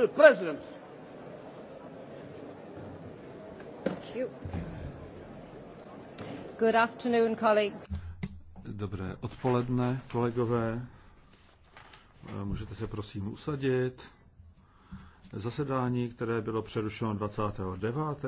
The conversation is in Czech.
the president. Good afternoon, colleagues. Dobré odpoledne, kolegové. Eh, můžete se prosím usadit. Zasedání, které bylo přerušeno 29.